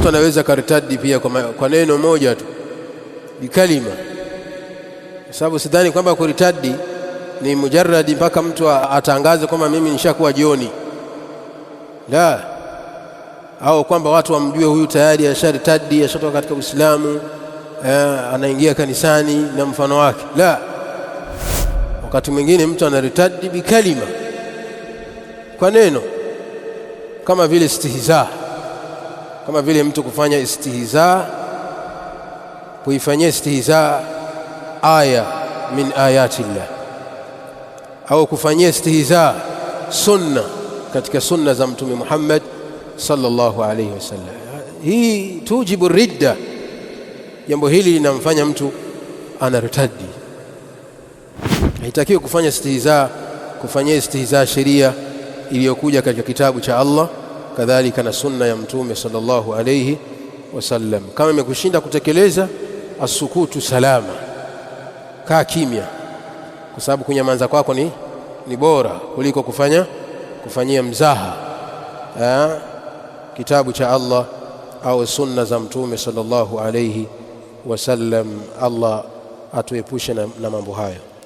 mtu anaweza kartadi pia kwa, kwa neno moja tu bikalima, kwa sababu sidhani kwamba kuritadi ni mujaradi mpaka mtu atangaze kwamba mimi nishakuwa jioni la au kwamba watu wamjue huyu tayari asharitadi ashatoka katika Uislamu eh, anaingia kanisani na mfano wake. La, wakati mwingine mtu anaritadi bikalima, kwa neno kama vile stihizaa kama vile mtu kufanya istihiza kuifanyia istihiza aya min ayati llah, au kufanyia istihiza sunna katika sunna za Mtume Muhammad sallallahu alayhi wasallam. Hii tujibu ridda, jambo hili linamfanya mtu anartadi. Haitakiwi kufanya istihiza kufanyia istihiza sheria iliyokuja katika kitabu cha Allah kadhalika na sunna ya Mtume sallallahu alayhi wasallam. Kama imekushinda kutekeleza, asukutu salama, kaa kimya, kwa sababu kunyamaza kwako ni, ni bora kuliko kufanya kufanyia mzaha ha? kitabu cha Allah au sunna za Mtume sallallahu alayhi wasallam. Allah atuepushe na, na mambo hayo.